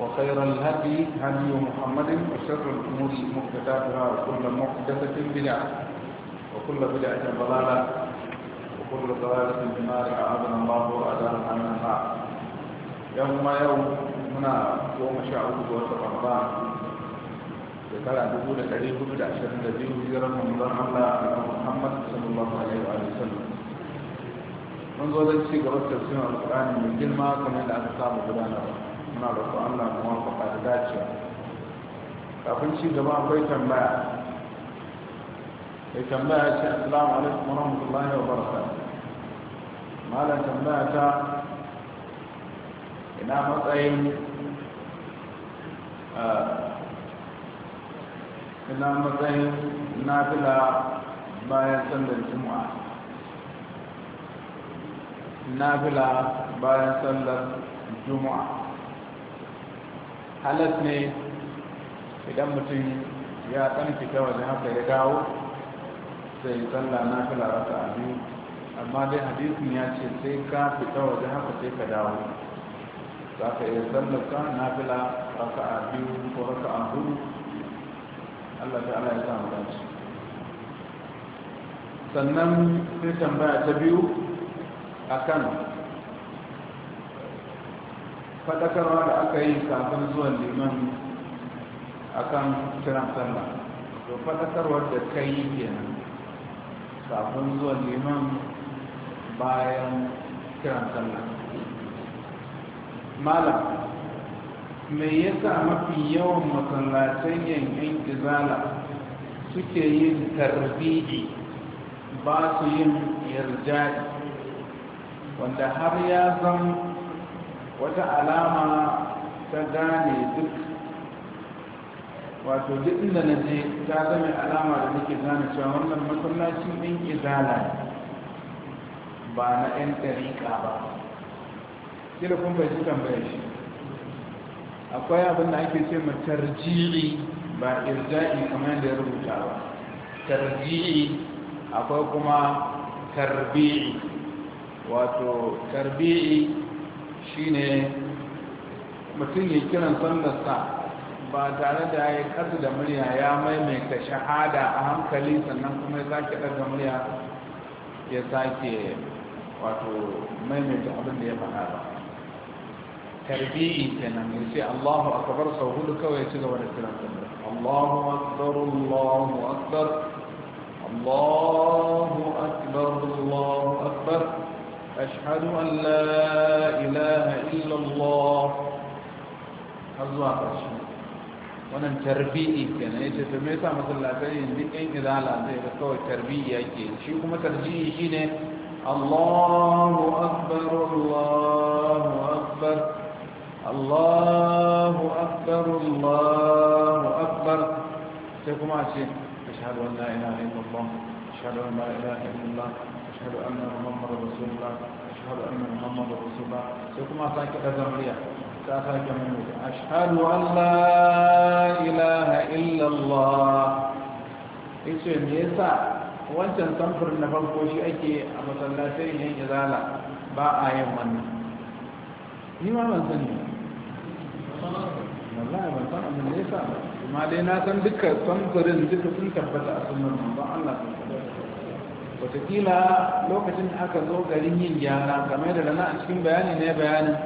وخير الهدي هدي محمد وشر الأمور محدثاتها وكل محدثة بدعة وكل بدعة ضلالة وكل ضلالة في النار أعاذنا الله وأجارنا من النار يوم يوم هنا يوم شعوب الله رمضان شكرا دخول الحديث بدع شر الذي هجر من الله محمد صلى الله عليه وسلم منذ ذلك شيء قبل تفسير القرآن من كلمة كما أن أصحاب غدانا muna roƙo Allah muwafaqa da dacewa kafin ci gaba akwai tambaya ya tambaya ce assalamu alaikum wa rahmatullahi wa barakatuh malam tambaya ta ina matsayin ina matsayin nafila bayan sallar juma'a nafila bayan sallar juma'a halas ne idan mutum ya ɗan fita wajen haka ya dawo sai sallah na fi larata a biyu amma dai hadisun ya ce sai ka fita wajen haka sai ka dawo za ka iya sallaka na fi larata a biyu ko raka a hudu allah ta ala ya samu dace sannan sai tambaya ta biyu a kan. fadakarwa da aka yi kafin zuwan liman a kan kiran sallah to faɗakarwar da ka yi kenan kafin zuwan liman bayan kiran sallah malam me yasa mafi yawan masallacin yankin izala suke yin tarbiji ba su yin yarjadi wanda har ya zama wata alama ta gane duk wato duk inda na je ta zama alama da nake gane cewa wannan masallacin ɗin izala ba na ɗan ɗariƙa ba kira kun bai su tambaya shi akwai abin da ake ce ma tarji'i ba irja'i kamar da ya rubuta ba tarji'i akwai kuma tarbi'i wato tarbi'i shine mutum ya kiran sallarsa ba tare da ya kasu da murya ya maimaita shahada a hankali sannan kuma ya sake ɗaga murya ya sake wato maimaita abin da ya faɗa ba tarbi'i kenan ya ce Allahu akbar sau hudu kawai ya ci gaba da kiran sallar Allahu akbar Allahu akbar Allahu akbar Allahu akbar أشهد أن لا إله إلا الله أزواقش وانا تربيئي كان ايجا تميسا مثل الله تجين دي اين اذا لا تجين تقوي تربيئي ايجي شيكو مثل جيه جيني الله أكبر الله أكبر الله أكبر الله أكبر شيكو ما عشي أشهد أن لا إله إلا الله أشهد أن لا إله إلا الله ashhadu anna muhammadar rasulullah ashhadu anna muhammadar rasulullah sai kuma sake daga murya ta sake mun ashhadu an la ilaha illallah yace me yasa wancan samfur na farko shi ake a masallatai ne izala ba a yin wannan ni ma ban sani wallahi ban san abin da yasa amma dai na san duka samfurin duka sun tabbata a sunan manzon Allah sallallahu watakila lokacin da aka zo garin yin gyara game da rana a cikin bayani ne bayanin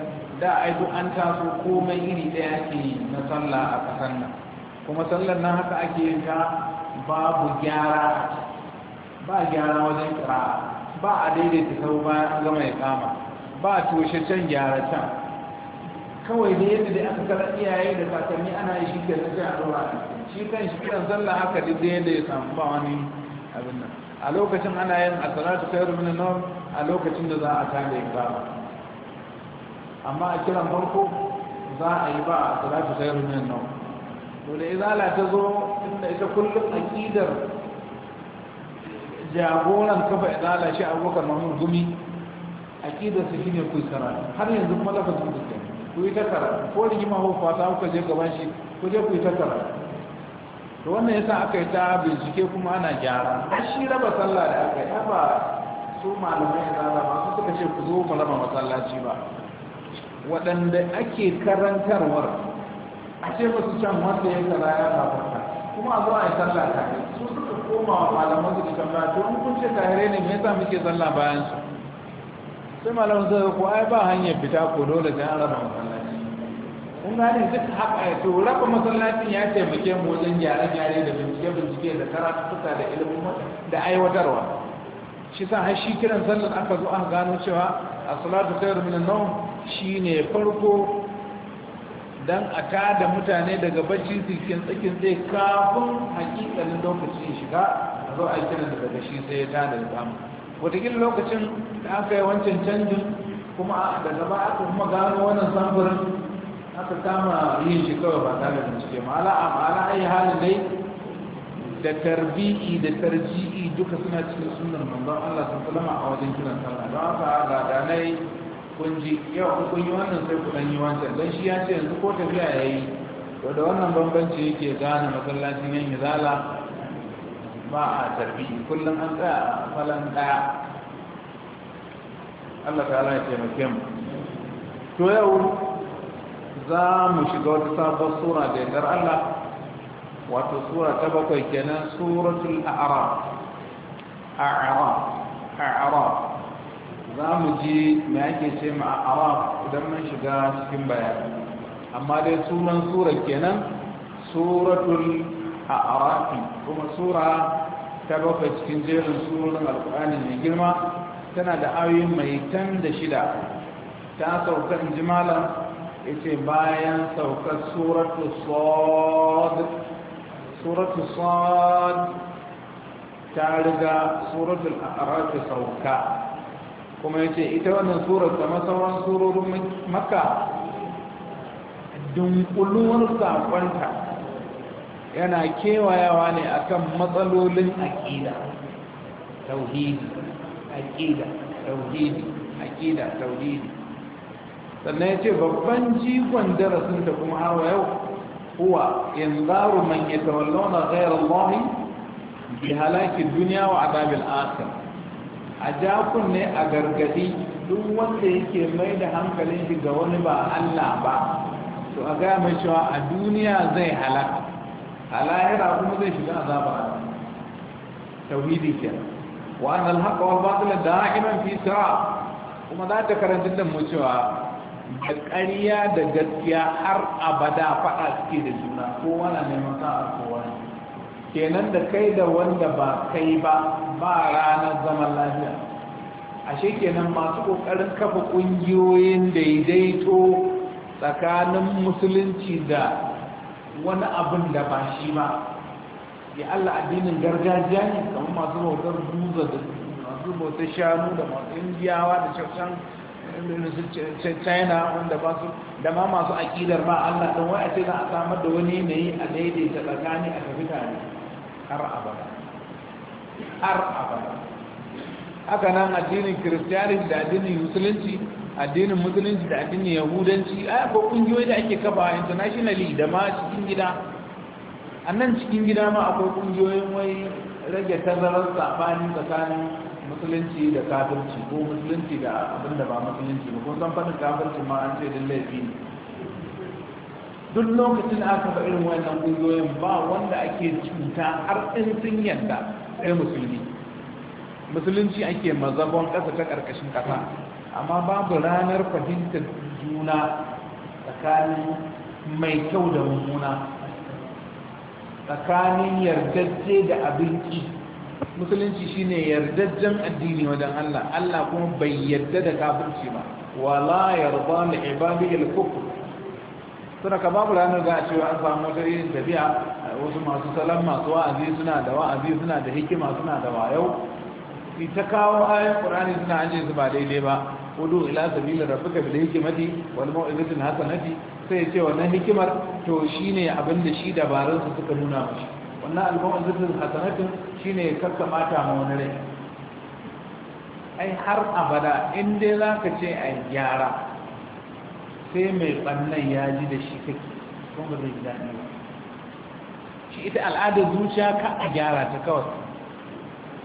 da a aibu an taso komai iri ɗaya ke na sallah a ƙasar nan kuma sallar nan haka ake yin ta babu gyara ba gyara wajen kira ba a daidaita sau bayan gama ya kama ba a toshe can gyara can kawai da yadda da aka kara iyaye da kakanni ana yi shi ke zai a a shi kan shi kiran sallah haka duk da yadda ya samu ba wani abin nan a lokacin ana yin asalatu khairu min an a lokacin da za a tada ba, amma a kiran farko za a yi ba asalatu khairu min an to da izala ta zo inda ita kullum aqidar jagoran kafa izala shi Abubakar Mahmud Gumi aqidar su shine kuyi karatu har yanzu kuma lafazin da ku kuyi ta karatu ko rigima ko fata ku je gaban shi ku je ku ta karatu to wannan yasa aka yi ta bincike kuma ana gyara a shi raba sallah da aka yi ba su malamai da ba su suka ce ku zo mu raba masallaci ba waɗanda ake karantarwar a ce ba su can wanda ya kara ya kafarta kuma a zo a yi sallah yi su suka koma wa malamai su kan ba to in kun ce tare ne me yasa muke sallah bayan su sai malamai zai ko ai ba hanyar fita ko dole sai an raba masallaci kun gane duk haka to raba masallacin ya taimake mu wajen gyare-gyare da bincike-bincike da karatuka da ilimin da aiwatarwa shi sa har shi kiran sallar aka zo aka gano cewa a salatu khairu minan nawm shine farko dan a tada mutane daga bacci cikin tsakin zai kafin hakikalin lokacin shiga a zo a kiran daga shi sai ya tada da samu wataƙila lokacin da aka yi wancan canjin kuma da zama aka kuma gano wannan samfurin Haka kama yin shi kawai ba tare da bincike ma'ala a ma'ala ai halin dai da tarbi'i da tarji'i duka suna cikin sunan manzon Allah sun salama a wajen kiran sallah don haka ga danai kun ji yau kun yi wannan sai ku dan yi wancan dan shi ya ce yanzu ko tafiya yayi to da wannan bambanci yake gane masallacin yan hizala ba a tarbi'i kullum an tsaya a falan daya Allah ta ya taimake mu to yau za mu shiga wata sabon sura da yardar Allah wato sura ta bakwai kenan suratul a'raf a'raf a'raf za mu ji me ake ce ma a'raf idan mun shiga cikin bayan, amma dai sunan sura kenan suratul a'raf kuma sura ta bakwai cikin jerin surorin alkur'ani mai girma tana da ayoyi mai tan da shida ta sauka in ji malam Ita bayan saukar suratu sod suratu sad ta riga suratul a'raf sauka kuma yace ita wannan surar da sauran surorin maka, dunkuluwar sakonta yana kewayawa ne akan matsalolin aƙida tauhidi aƙida tauhidi aƙida tauhidi sannan ya ce babban jikon darasinta kuma har yau huwa in zaru man ya tawallona ghairar lahi bi duniya wa adabin akhir a jakun ne a gargadi duk wanda yake mai da hankalin shi ga wani ba Allah ba to a gaya mai cewa a duniya zai halaka a lahira kuma zai shiga azaba tauhidi kenan wa annal haqqa wal batila da'iman fi sa'a kuma za ta karanta da mu cewa da ƙarya da gaskiya har abada faɗa suke da juna ko na neman ta kowa kenan da kai da wanda ba kai ba ba ranar zaman lafiya ashe kenan masu ƙoƙarin kafa ƙungiyoyin daidaito tsakanin musulunci da wani abin da ba shi ba ya Allah addinin gargajiya ne kamar masu bautar buza da masu bautar shanu da masu indiyawa da shafshan china wanda ba su da ma masu aƙidar ba allah don wai a ce za a samar da wani yanayi a daidaita tsakani a tafi tare har abada har abada haka nan addinin kiristiyanin da addinin musulunci addinin musulunci da addinin yahudanci a yaba ƙungiyoyi da ake kafa internationally da ma cikin gida a nan cikin gida ma akwai ƙungiyoyin wai rage tazarar tsafani tsakanin musulunci da kafirci ko musulunci da abin da ba musulunci ba kun san faɗin kafirci ma an ce din laifi ne duk lokacin da aka irin wannan ƙungiyoyin ba wanda ake cuta har in sun yadda sai musulmi musulunci ake mazabon ƙasa ta ƙarƙashin ƙasa amma babu ranar fahimtar juna tsakanin mai kyau da mummuna tsakanin yardajje da abinci musulunci shine yardajjen addini wajen Allah Allah kuma bai yadda da kafirci ba wala yarda li ibadihi al-kufr suna ka babu ranar ga cewa an samu wata yin tafiya wasu masu salon masu wa'azi suna da wa'azi suna da hikima suna da wayau fi ta kawo ayan ƙur'ani suna aje su ba daidai ba wudu ila sabila rabbika bil hikmati wal mau'izatil hasanati sai ya ce wannan hikimar to shine abin da shi dabarun su suka nuna mashi wannan albawan zubin hasanatin shine kakka mata ma wani rai ai har abada in dai za ka ce a gyara sai mai ɓannan ya ji da shi kake kuma zai daɗi ba shi ita al'adar zuciya ka a gyara ta kawai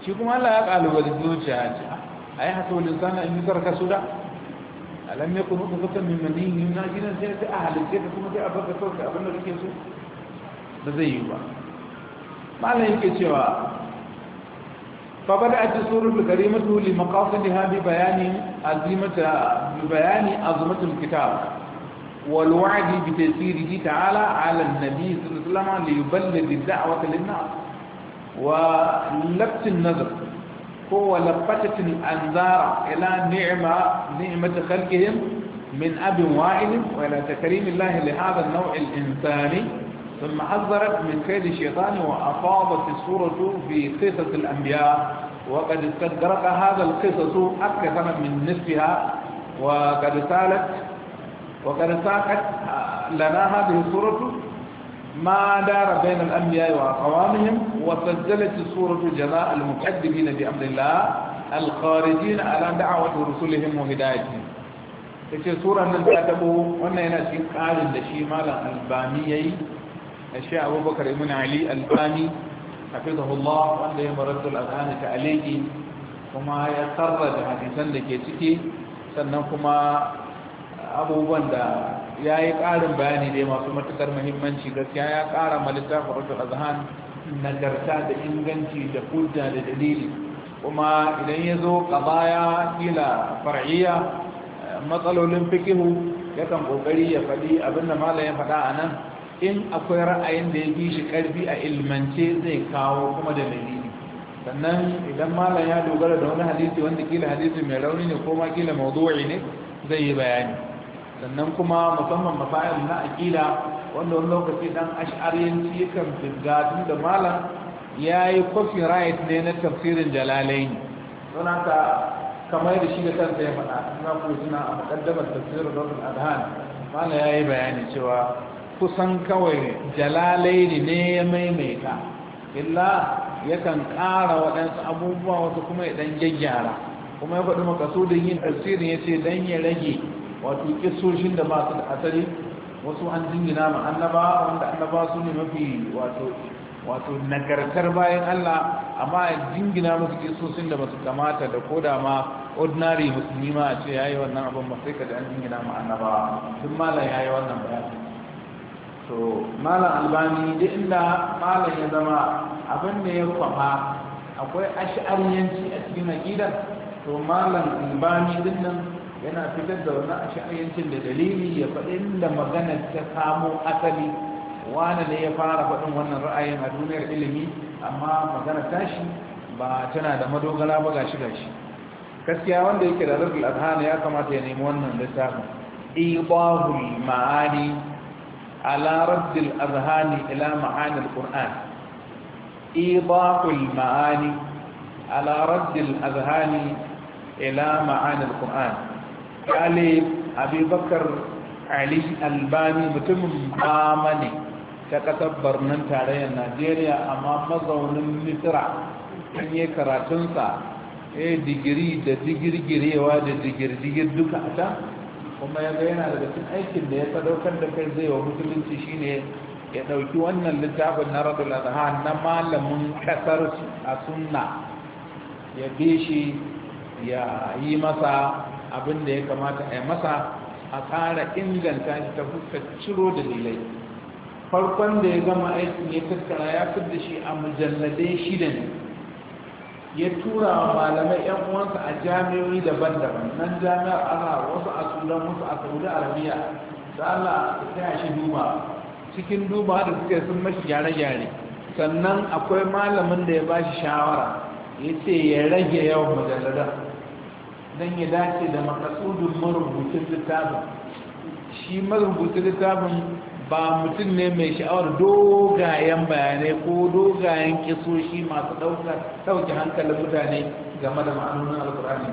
shi kuma Allah ya ƙalubar zuciya ce ah, a yi hasa wajen sana in zarka su da alam ya kuma kusurta kan mani yi na gidan sai a halittar kuma sai a baka kawai abin da kake so ba zai yi ba malam yake cewa فبدأت السورة الكريمة لمقاصدها ببيان عزيمة ببيان عظمة الكتاب والوعد بتيسيره تعالى على النبي صلى الله عليه وسلم ليبلغ الدعوة للناس ولبس النظر هو لفتة الأنذار إلى نعمة نعمة خلقهم من أب واحد وإلى تكريم الله لهذا النوع الإنساني ثم حذرت من كيد الشيطان وأفاضت السورة في قصة الأنبياء وقد استدرك هذا القصة أكثر من نصفها وقد سالت وقد ساقت لنا هذه السورة ما دار بين الأنبياء وأقوامهم وسجلت السورة جزاء المكذبين بأمر الله الخارجين على دعوة رسلهم وهدايتهم تكي سورة نزاتبه وانا هنا شيء قال لشيء مالا ألباني ashe abubakar ibn ali albani hafizahullah wanda ya marar al'adana ta aliki kuma ya sarra da hadisan da ke ciki sannan kuma abubuwan da ya yi ƙarin bayani dai masu matuƙar muhimmanci gaskiya ya ƙara malita farutul azhan nagarta da inganci da hujja da dalili kuma idan ya zo ƙabaya ila far'iyya matsalolin fikihu yakan ƙoƙari ya faɗi abinda malam ya faɗa a nan in akwai ra'ayin da ya bi shi karfi a ilmance zai kawo kuma da dalili sannan idan malam ya dogara da wani hadisi wanda kila hadisi mai rauni ne ko ma kila mawdu'i ne zai yi bayani sannan kuma musamman masail na akida wanda wani lokaci dan ash'ariyanci yakan fidda tun da malam kofi rait ne na tafsirin jalalaini don haka kamar da shi da kansa ya faɗa ina ko suna a tafsirin rabbul adhan malam yayi bayani cewa kusan kawai jalalaini ne ya maimaita illa yakan ƙara waɗansu abubuwa wasu kuma ya ɗan gyaggyara kuma ya faɗi makasudin yin tafsirin ya ce don ya rage wato kisoshin da ba su da asali wasu an jingina ma annaba wanda annaba su ne mafi wato wato nagartar bayan Allah amma a jingina musu kisosin da masu kamata da koda ma ordinary musulmi ma a ce yi wannan abin ba sai ka da an jingina ma annaba tun malam yi wannan bayan. to malam albani da inda malam ya zama abin da ya kwafa akwai yanci a cikin aqidar to malam albani din nan yana fitar da wani ashi'ar yancin da dalili ya faɗi inda magana ta samo asali wani ne ya fara faɗin wannan ra'ayin a duniyar ilimi amma magana tashi ba tana da madogara ba gashi gashi gaskiya wanda yake da rubul alhani ya kamata ya nemi wannan littafin ibahul ma'ani ala raddil azhani ila ma'anil qur'an idahul ma'ani ala raddil azhani ila ma'anil qur'an kale abubakar ali albani mutumin amani ta katabbar birnin tarayyar najeriya amma mazaunin misra in yi karatunsa ya digiri da digirgirewa da digirgir duka a ta kuma ya ga yana daga cikin aikin da ya sadaukar da kai zai wa musulunci shine ya ɗauki wannan littafin na radul adha na malamin kasar a sunna ya bi shi ya yi masa abin da ya kamata a yi masa a ƙara inganta shi ta fuskar ciro dalilai farkon da ya gama aikin ya tattara ya fi da shi a mujalladai shida ne ya tura wa malamai yan uwansa a jami'o'i daban-daban nan jami'ar ana wasu a sudan wasu a saudi arabiya da allah ta shi duba cikin duba da suka sun mashi gyare-gyare sannan akwai malamin da ya ba shi shawara ya ce ya rage yawan majalada don ya dace da makasudin marubucin littafin shi marubucin littafin ba mutum ne mai sha'awar dogayen bayanai ko dogayen kisoshi masu ɗauke hankalin mutane game da ma'anonin alkur'ani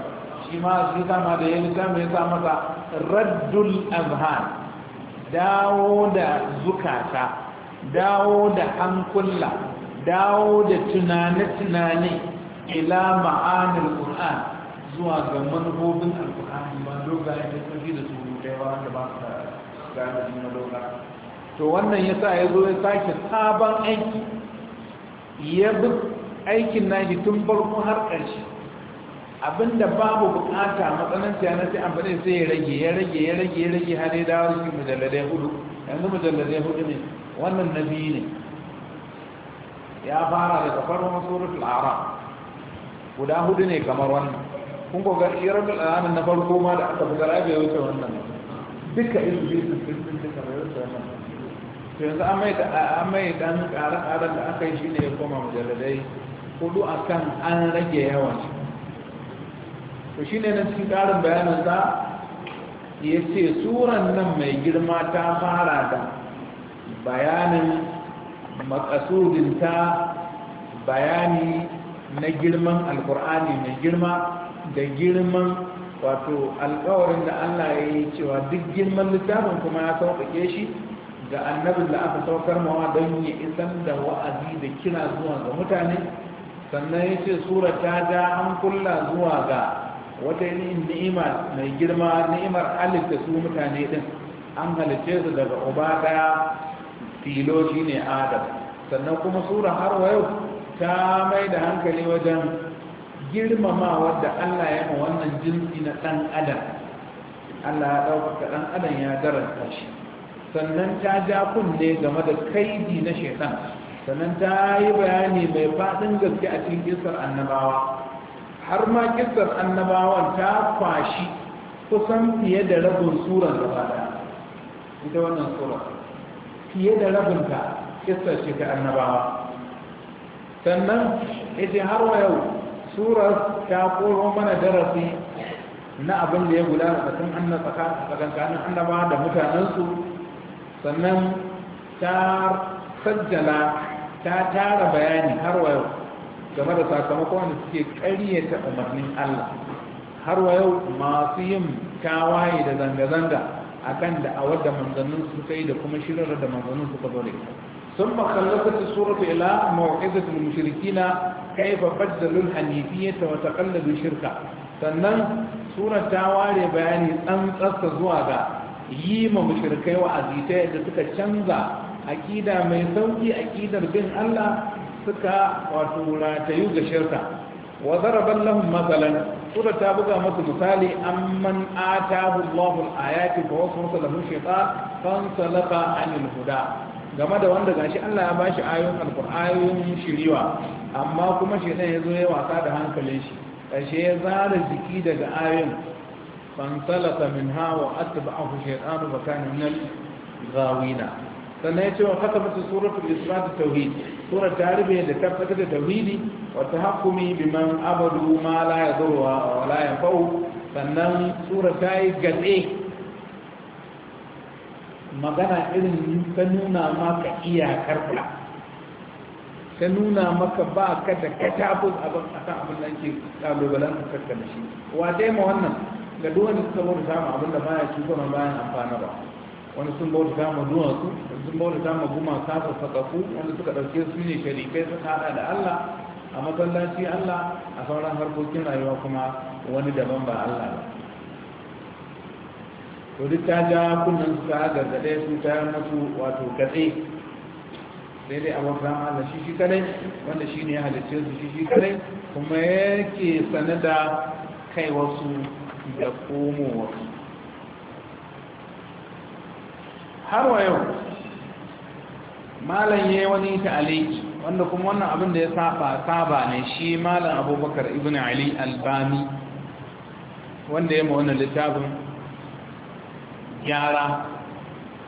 shi ma shi sama da ya sama ya sa masa raddul azhan dawo da zukata dawo da hankula dawo da tunane-tunane ila ma'anin alkur'an zuwa ga manufofin alkur'ani ba dogayen kisoshi da su da yawa da ba su da gane na dogayen to wannan ya sa ya zo ya sake sabon aiki ya bi aikin na shi tun farko har ƙarshe abinda babu bukata matsananci nasi sai ne sai ya rage ya rage ya rage ya rage har ya dawo shi mujalladai hudu yanzu mujalladai hudu ne wannan na biyu ne ya fara daga wani suratul araf guda hudu ne kamar wannan kun ko ga irin al'anan na farko ma da aka bugar ya wuce wannan duka isu bisu sun duka to yanzu an mai dan ƙara da aka yi shi ne ya koma mujalladai hudu a kan an rage yawan to shi ne na cikin ƙarin bayanin za ya ce suran nan mai girma ta fara da bayanin makasudinta bayani na girman alkur'ani mai girma da girman wato alkawarin da allah ya yi cewa duk girman littafin kuma ya sauƙaƙe shi ga annabin da aka saukar mawa don ya isar da wa'azi da kira zuwa ga mutane sannan ya ce sura ta ja an kulla zuwa ga wata ni'ima mai girma ni'imar halitta su mutane din an halice su daga uba daya filo shine adam sannan kuma sura har wa yau ta mai da hankali wajen girmama wadda allah ya ma wannan jinsi na ɗan adam allah ya ɗaukaka ɗan adam ya garanta shi sannan ta ja kunne game da kaidi na shekan sannan ta yi bayani mai faɗin gaske a cikin kisar annabawa har ma kisar annabawan ta kwashi kusan fiye da rabin da ba da ita wannan suran fiye da rabin ta kisar shi ta annabawa sannan ita har wa yau surar ta koro mana darasi na abin da ya gudana tsakanin annabawa da mutanensu sannan ta sajjala ta tara bayani har wa yau game da sakamakon wanda suke ƙaryata umarnin Allah har wa yau masu yin tawaye da zanga-zanga a kan a da manzannin su kai da kuma shirar da manzannin su zo da sun makallaka ta suratu ila kai babbar da lulhanifiyar ta wata kallabin shirka sannan surar ta ware bayani tsantsasta zuwa ga yi ma mushirkai wa'azi ta yadda suka canza Aƙida, mai sauƙi aqidar bin Allah suka wato ratayu ga shirka wa zaraban lahum mathalan ta buga musu misali amman atahu Allahu al-ayati fa waswasa lahu shaytan salaka anil huda game da wanda gashi Allah ya bashi ayoyin alqur'ayoyin shiriwa amma kuma shaytan ya zo ya wasa da hankalin shi kashe ya zara jiki daga ayoyin فانطلق منها واتبعه الشيطان وكان من الغاوين فنيت وختمت سورة الإسراء التوحيد سورة تاربة لتفتة التوحيد وتحكمي بمن أبدو ما لا يضر ولا ينفعه فنن سورة تاي قد إيه ما قنا إذن تنونا ما كإيا كربلا تنونا ما كبا كتا كتابو أبن أتا أبن لأنك قالوا بلان تفتة نشي واتي مهنم ga duk suka bauta ma abin da baya cutarwa bayan amfana ba wani sun bauta ta duwatsu wani sun bauta ta guma gumaka su wanda suka ɗauke su ne shari'a su haɗa da allah a masallaci allah a sauran harkokin rayuwa kuma wani daban ba allah ba to duk ta ja kunnen su ta gargaɗe su ta musu wato gatse sai dai abokan allah shi shi kadai wanda shi ne halittar su shi shi kadai kuma yake sane da wasu. da komowa har wa yau malam ya yi wani ta'aliki wanda kuma wannan abin da ya saba saba ne shi malam abubakar ibn ali albani wanda ya ma wannan littafin gyara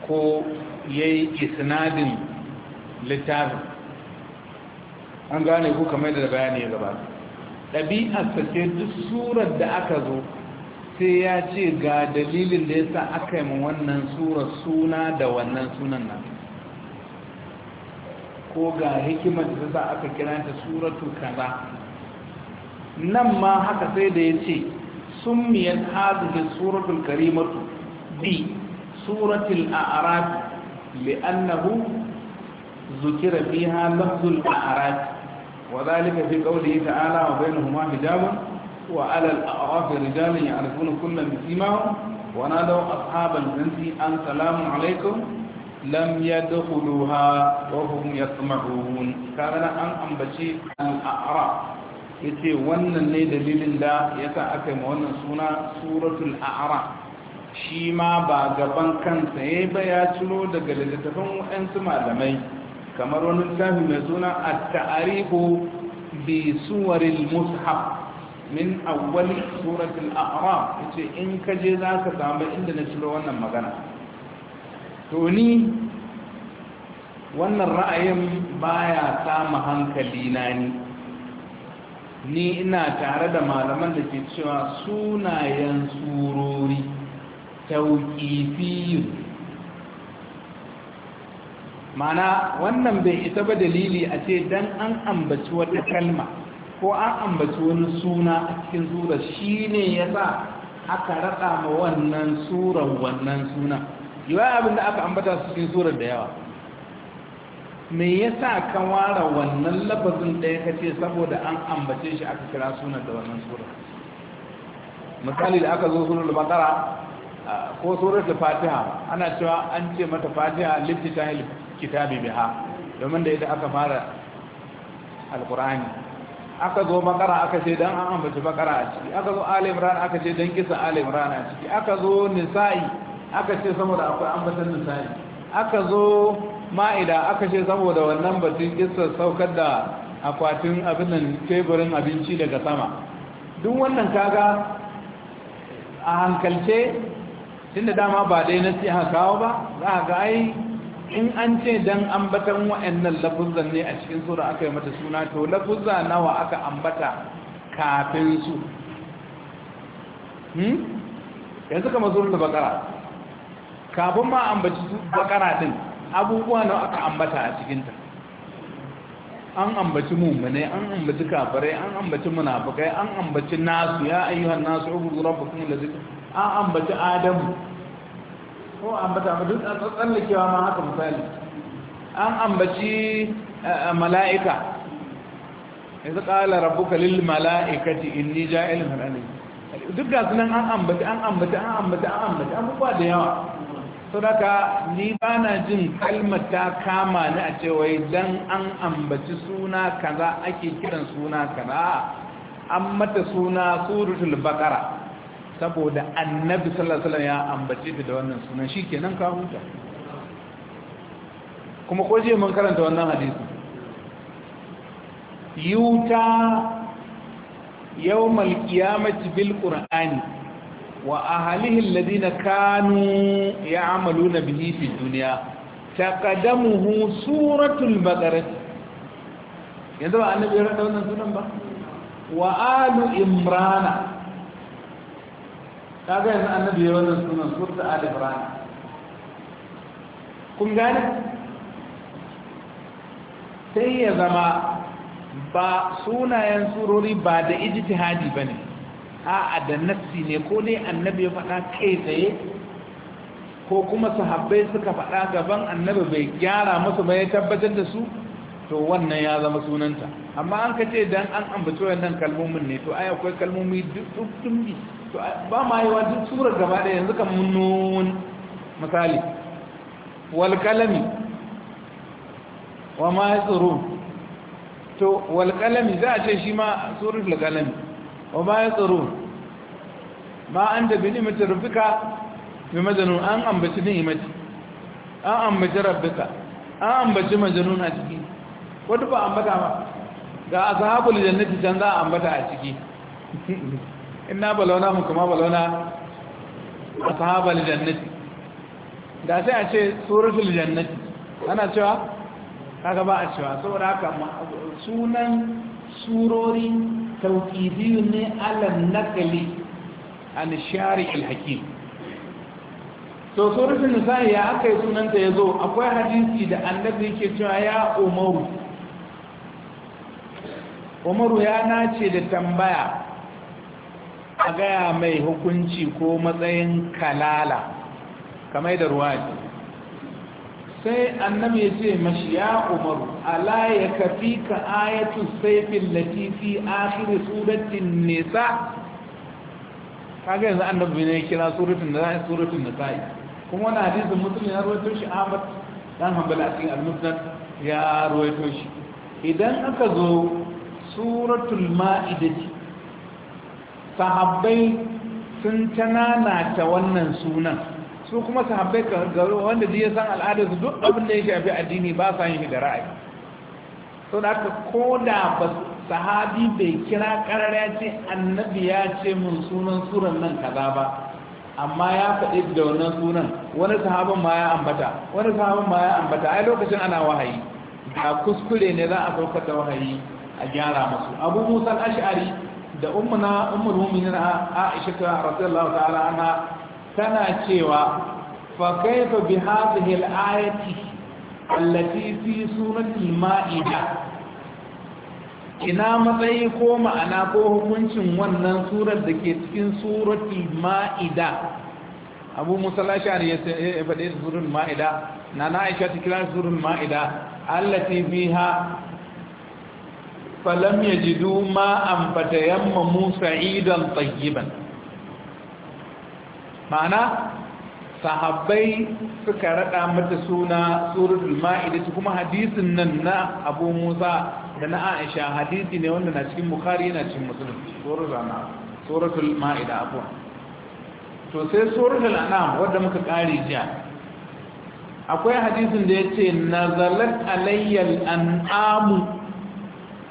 ko ya yi isnadin littafin an gane ku kamar da bayani ya gabata ta ce duk surar da aka zo sai ya ce ga dalilin da ya sa aka yi wannan surar suna da wannan sunan nan ko ga hikimar da sa aka kira ta suratu kaza nan ma haka sai da ya ce sun miyan hazin suratul karimatu bi suratul na li'annahu zukira fiha lafzul arabi wa zalika fi qawlihi ta'ala wa ma hijabun وعلى الأعراف رجال يعرفون كل بسيماهم ونادوا أصحاب الجنس أن سلام عليكم لم يدخلوها وهم يسمعون كان أن أنبشي الأعراف yace wannan ne dalilin da yasa aka yi wannan suna suratul a'ra shi ma ba gaban kansa ya ba ya ciro daga littattafan waɗansu malamai kamar wani littafi mai suna a ta'arihu bi suwaril mushaf min awwal suratul a'raf yace in ka je zaka samu inda na ciro wannan magana to ni wannan ra'ayin baya mu hankali na ni ni ina tare da malaman da ke cewa sunayen surori tauqifiyyun mana wannan bai isa ba dalili a ce dan an ambaci wata kalma ko an ambaci wani suna a cikin sura shi ne ya sa aka raɗa ma wannan suran wannan suna yawa abin da aka ambata su cikin surar da yawa me ya sa ka ware wannan labazin ɗaya ka ce saboda an ambace shi aka kira sunan da wannan surar misali da aka zo da bakara ko surar da fatiha ana cewa an ce mata fatiha littattafin kitabi biha domin da ita aka fara alkur'ani aka zo makara aka ce dan an ambaci bakara a ciki aka zo alim rana aka ce dan kisa alim rana a ciki aka zo nisa'i aka ce saboda akwai ambatan nisa'i aka zo ma'ida aka ce saboda wannan batun kisa saukar da akwatin abin nan teburin abinci daga sama duk wannan kaga a hankalce tunda dama ba dai na siya kawo ba za a ga ai in an ce dan ambatan wa'annan lafuzan ne a cikin sura aka yi mata suna to lafuzza nawa aka ambata kafin su hmm yanzu kamar suratul baqara kafin ma ambaci baqara din abubuwa nawa aka ambata a cikin ta an ambaci mummune an ambaci kafirai an ambaci munafikai an ambaci nasu ya ayyuhan nasu ubudu rabbakum allazi an ambaci adamu ko ambata ba duk tsallakewa ma haka misali an ambaci eh, eh, mala'ika yanzu ƙala rabbuka lil mala'ikati inni ja'ilun harani duk ga sunan an ambaci an ambaci an ambaci an ambaci abubuwa da yawa sau da ka ni ba na jin kalmar ta kama ni a cewai don an ambaci suna kaza ake kiran suna kaza an mata suna surutul bakara saboda annabi sallallahu alaihi wasallam ya ambace ta da wannan sunan shikenan ka huta kuma ko je mun karanta wannan hadisi yuta yawmal qiyamati bil qur'ani wa ahlihi alladhina kanu ya'maluna bihi fid dunya taqaddamuhu suratul baqarah yanzu annabi ya rada wannan sunan ba wa alu imrana kaga yanzu annabi ya wannan sunan surta ali ibrahim kun gane sai ya zama ba sunayen surori ba da ijtihadi bane a da nafsi ne ko ne annabi ya faɗa kai tsaye ko kuma sahabbai suka faɗa gaban annabi bai gyara musu ba ya tabbatar da su to wannan ya zama sunanta amma an ka ce dan an ambaci wannan kalmomin ne to ai akwai kalmomi duk dumbi to ba ma yi duk surar gaba ɗaya yanzu kan munnun misali walƙalami wa ma ya tsoro to walƙalami za a ce shi ma surar walƙalami wa ma ya tsoro ma an da bi nimata rufika bi majanun an ambaci ni'imati an ambaci rabbika an ambaci majanun a ciki wadda ba ambata ba ga ashabul jannati can za a ambata a ciki inna balauna mun kuma balauna sahaba jannati da sai a ce suratul jannati ana cewa kaga ba a cewa saboda haka sunan surori tawqidiyun ne alam nakali an shari'il alhakim to suratul nisa'i ya akai sunanta yazo akwai hadisi da annabi yake cewa ya umaru umaru ya nace da tambaya a gaya mai hukunci ko matsayin kalala kamar da ruwa ne. sai annabi ya ce mashi ya umaru ala ya kafi ka ayatu saifin latifi akhir suratin nisa kaga yanzu annabi ne kira suratin nisa suratin nisa kuma wani hadisin musulmi ya rawaito shi Ahmad dan Hanbali a cikin al-Musnad ya rawaito shi idan aka zo suratul ma'idati sahabbai sun ta wannan sunan su kuma sahabbai garo wanda ya san al'adarsu duk abin da ya shafi addini ba sa yin shi da ra'ayi sau da aka koda ba sahabi bai kira karar ya ce annabi ya ce mun sunan suran nan kaza ba amma ya faɗi da wannan sunan wani sahabin ma ya ambata wani sahabin ma ya ambata ai lokacin ana wahayi a kuskure ne za a saukar da wahayi a gyara masu abu musan ash'ari da ummuna ummul mu'minin Aisha radhiyallahu ta'ala anha tana cewa fa kaifa bi hadhihi al-ayati allati fi suratil ma'ida ina matsayi ko ma'ana ko hukuncin wannan surar da ke cikin surati ma'ida abu musa lashari ya eh, eh, faɗi surun ma'ida na na aisha ta kira surun ma'ida allati biha falam yajidu yamma Musa sa'idan tayyiban ma'ana sahabbai suka rada mata suna suratul ma'ida kuma hadisin nan na Abu Musa da na Aisha hadisi ne wanda na cikin Bukhari yana cikin musulun suratul anam suratul ma'ida afwan to sai suratul anam wanda muka kare jiya akwai hadisin da ya yace nazalat alayyal amu.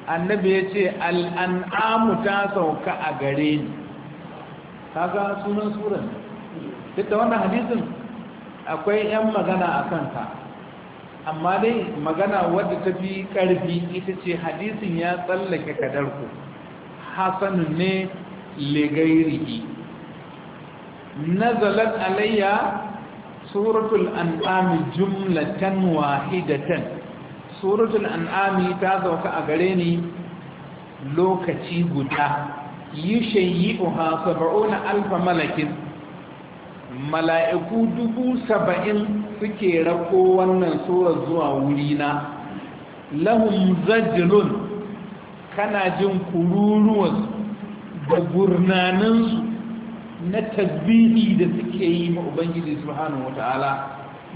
annabi ya ce al'an'amu ta sauka a gare ni ga sunan tsoron duk da wannan hadisin akwai 'yan magana a kanta amma dai magana wadda ta fi ƙarfi ita ce hadisin ya tsallake kadarku hasanun ne Na nazalat alayya suratul an'am jumlatan wahidatan suratul an'ami ta zauka a gare ni lokaci guda yushayi'uha saba'una alfa malakin mala'iku dubu saba'in suke rako wannan sura zuwa wurina lahum zajlun kana jin kururuwansu da gurnaninsu na tasbihi da suke yi ma ubangiji subhanahu wata'ala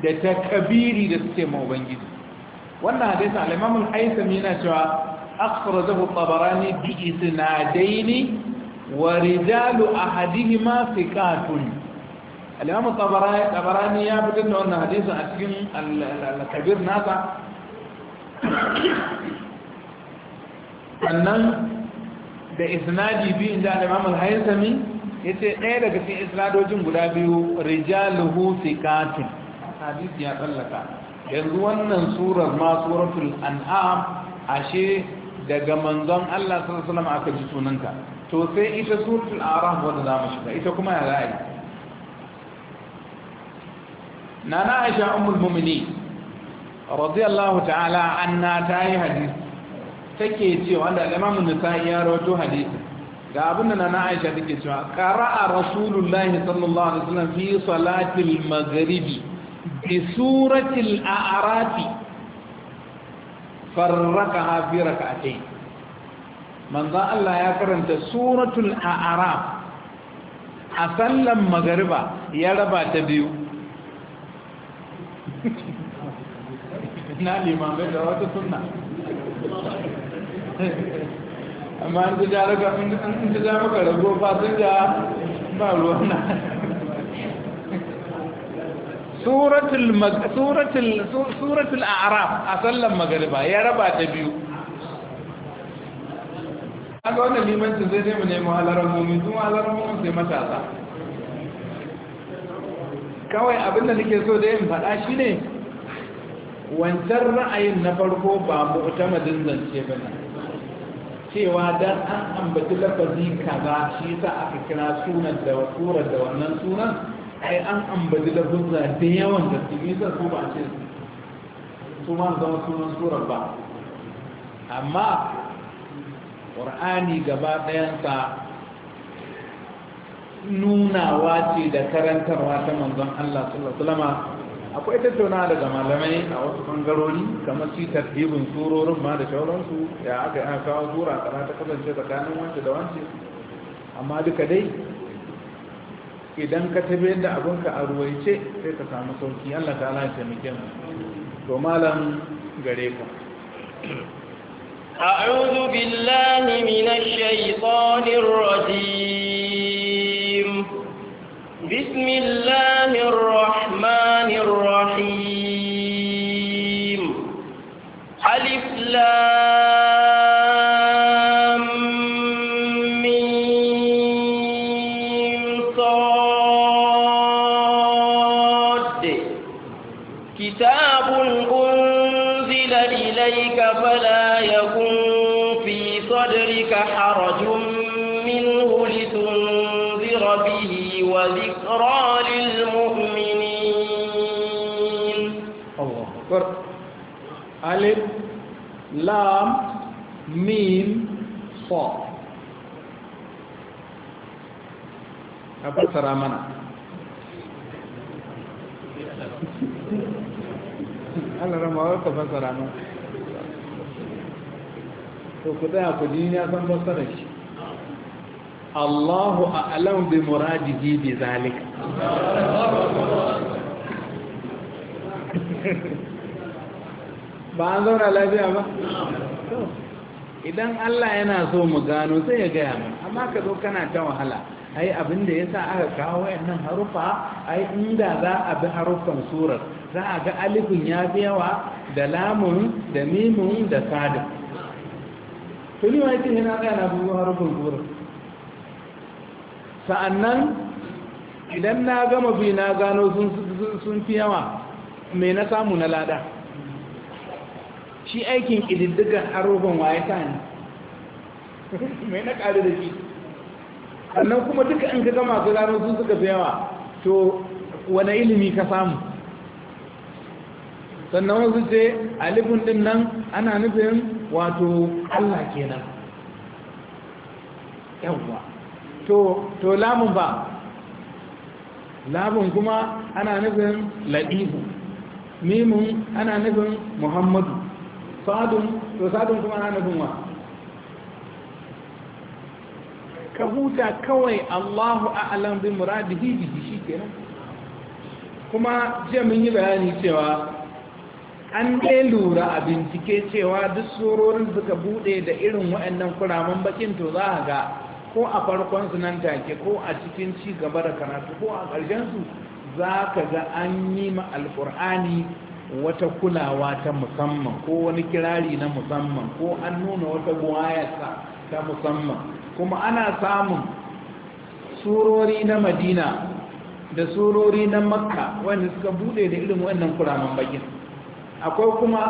da takabiri da suke ma ubangiji wannan hadisi al-imam al-haytham yana cewa akhrajahu tabarani bi isnadaini wa rijalu a ahadihima thiqatun al-imam tabarani ya fitar da wannan hadisi a cikin al nasa sannan da isinadi bi inda al-imam al-haythami yace ɗaya daga cikin isnadojin guda biyu rijaluhu thiqatun hadisi ya tsallaka yanzu wannan surar ma suratul an'am ashe daga manzon Allah sallallahu alaihi wasallam aka ji sunanta to sai ita suratul araf wanda za mu shiga ita kuma ya za'a nana aisha ummul mu'minin radiyallahu ta'ala anna ta yi hadisi take cewa da Imam Nasa'i ya rawaito hadisi ga abin da nana aisha take cewa qara'a rasulullahi sallallahu alaihi wasallam fi salatil maghribi bi suratil a'rafi farraqaha fi rak'atayn manzo Allah ya karanta suratul a'raf a sallan magariba ya raba ta biyu na limamai da wata sunna amma an ta ja maka rago fasinja ba ruwa na suratul suratul suratul a'raf a sallan magariba ya raba ta biyu kaga wannan limancin zai ne mu nemi halarar mumin sun halarar mu sai matasa kawai abin da nake so da yin faɗa shi ne wancan ra'ayin na farko ba mu mu'tamadin zance ba cewa dan an ambaci lafazi kaza shi sa aka kira sunan da wannan sunan ai an ambaci lafuzza da yawan da su nisa su ba ce su ma zama sunan surar ba amma ƙur'ani gaba ɗayansa nunawa ce da karantarwa ta manzon Allah sallallahu akwai tattauna daga malamai a wasu bangarori kamar su tartibin surorin ma da shauransu ya aka yi kawo sura kana ta kasance tsakanin wance da wance amma duka dai idan ka tabe da abinka a ruwaice sai ka samu sauki Allah ta ala taimake mu to malam gare ka أعوذ بالله من الشيطان الرجيم بسم الله الرحمن الرحيم ألف كتاب أنزل إليك فلا يكن في صدرك حرج منه لتنذر به وذكرى للمؤمنين الله أكبر ألف لام ميم صاد أبصر أمانة Allah rama ka fassara mu to ku tsaya ku ji ya san fassara shi Allahu a'lam bi muradihi bi zalika ba an zauna lafiya ba idan Allah yana so mu gano sai ya gaya mu amma ka zo kana ta wahala ai abinda ya sa aka kawo wayannan harufa ai inda za a bi harufan surar za a ga alifin ya fi yawa da lamun da mimun da sadin tuni wa yake yana tsaya na bugun harufin gura sa'annan idan na gama bi na gano sun fi yawa mai na samu na lada shi aikin ƙididdigar harufin waye ta ne mai na ƙari da shi sannan kuma duka in ka gama ka gano sun suka fi yawa to wane ilimi ka samu sannan wasu ce alifin din nan ana nufin wato Allah kenan yawwa to to lamun ba lamun kuma ana nufin ladihu mimun ana nufin muhammadu sadun to sadun kuma ana nufin wa ka huta kawai Allahu a'lam bi muradihi bihi kenan kuma jiya mun yi bayani cewa an dai lura a bincike cewa duk surorin suka bude da irin waɗannan kuraman bakin to za a ga ko a farkon su nan take ko a cikin ci gaba da karatu ko a ƙarshen su za ka ga an yi ma alƙur'ani wata kulawa ta musamman ko wani kirari na musamman ko an nuna wata buwayarsa ta musamman kuma ana samun surori na madina da surori na makka wanda suka bude da irin wannan kuraman bakin akwai kuma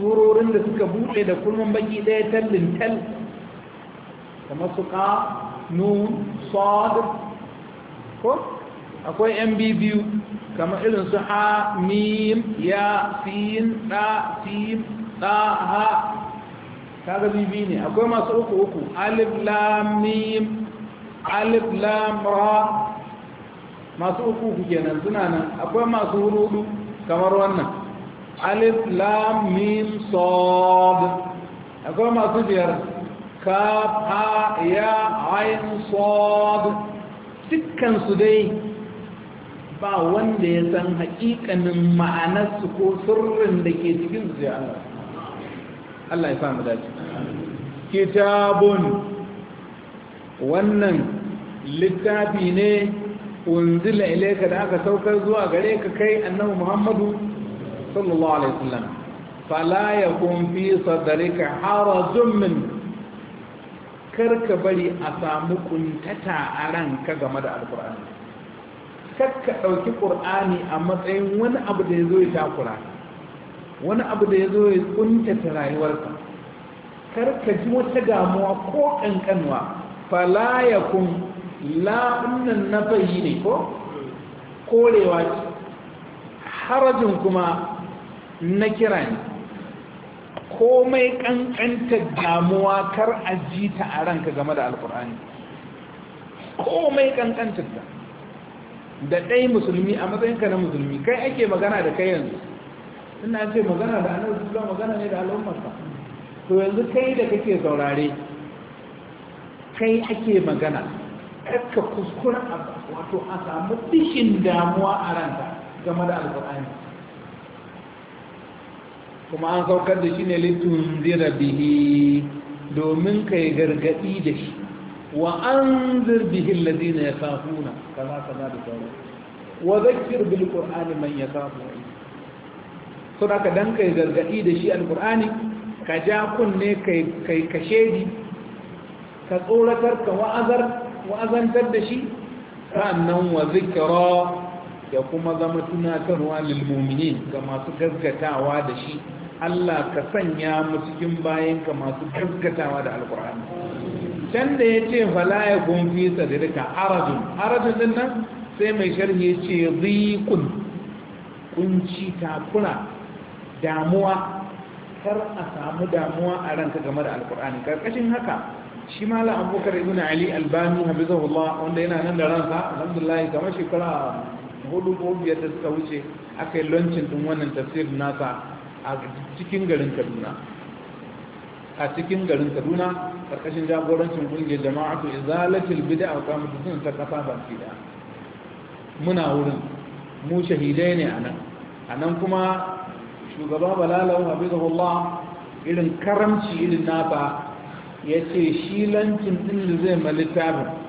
surorin da suka buɗe da kurmin baki ɗaya tallin tal kamar su ka nun sad ko akwai yan biyu kamar irin su ha mim ya sin ɗa sin ɗa ha kaga bibi ne akwai masu uku uku alif lam mim alif lam ra masu uku uku kenan suna nan akwai masu hudu kamar wannan alif lam mim sad akwai masu biyar Ka ha ya ayin sad dai ba wanda ya san haƙiƙanin ma'anarsu ko sirrin da ke cikin su ya Allah Allah ya samu dace kitabun wannan littafi ne unzila ilayka da aka saukar zuwa gare ka kai annabi Muhammadu sallallahu alaihi wasallam fala yakun fi sadrika harajun min karka bari a samu kuntata a ranka game da alqur'ani kakka dauki qur'ani a matsayin wani abu da yazo ya takura wani abu da yazo ya kuntata rayuwarka karka ji wata damuwa ko kankanwa fala yakun la nan nafayi ne ko korewa harajin kuma na kira ne komai ƙanƙantar damuwa kar a ji ta a ranka game da alkur'ani komai ƙanƙantar da da ɗai musulmi a matsayinka na musulmi kai ake magana da kai yanzu ina ce magana da annabi sallallahu magana ne da al'ummarsa to yanzu kai da kake saurare kai ake magana kakka kuskura a wato a samu dishin damuwa a ranka game da alkur'ani kuma an saukar da shi ne littun zira bihi domin ka yi gargaɗi da shi wa an zirbihin lazina ya kafuna kaza kaza da sauri. wa zakir bil qur'ani man ya kafu suna ka dan kai gargaɗi da shi alqur'ani ka ja kunne kai kai kashedi ka tsoratar ka wa'azantar da shi sa'annan wa zikra ya kuma zama tunatarwa lil mu'minin ga masu gaskatawa da shi Allah ka sanya mu cikin ka masu gaskatawa da alkur'ani can da ya ce falaya ya kun fi sadirka arajin arajin. din nan sai mai sharhi ya ce zikun kunci takura damuwa kar a samu damuwa a ranka game da alkur'ani karkashin haka shi la abubakar ibn ali albani habizahullah wanda yana nan da ransa alhamdulillah kamar shekara hudu ko biyar da suka wuce aka yi lancin din wannan tafsir nasa a cikin garin kaduna a cikin garin kaduna karkashin jagorancin kungiyar jama'atu izalatul bid'a wa qamat sun ta kafa baki da muna wurin mu shahidai ne anan anan kuma shugaba balalau habibullah irin karamci irin ya yace shi lancin din zai ma littafin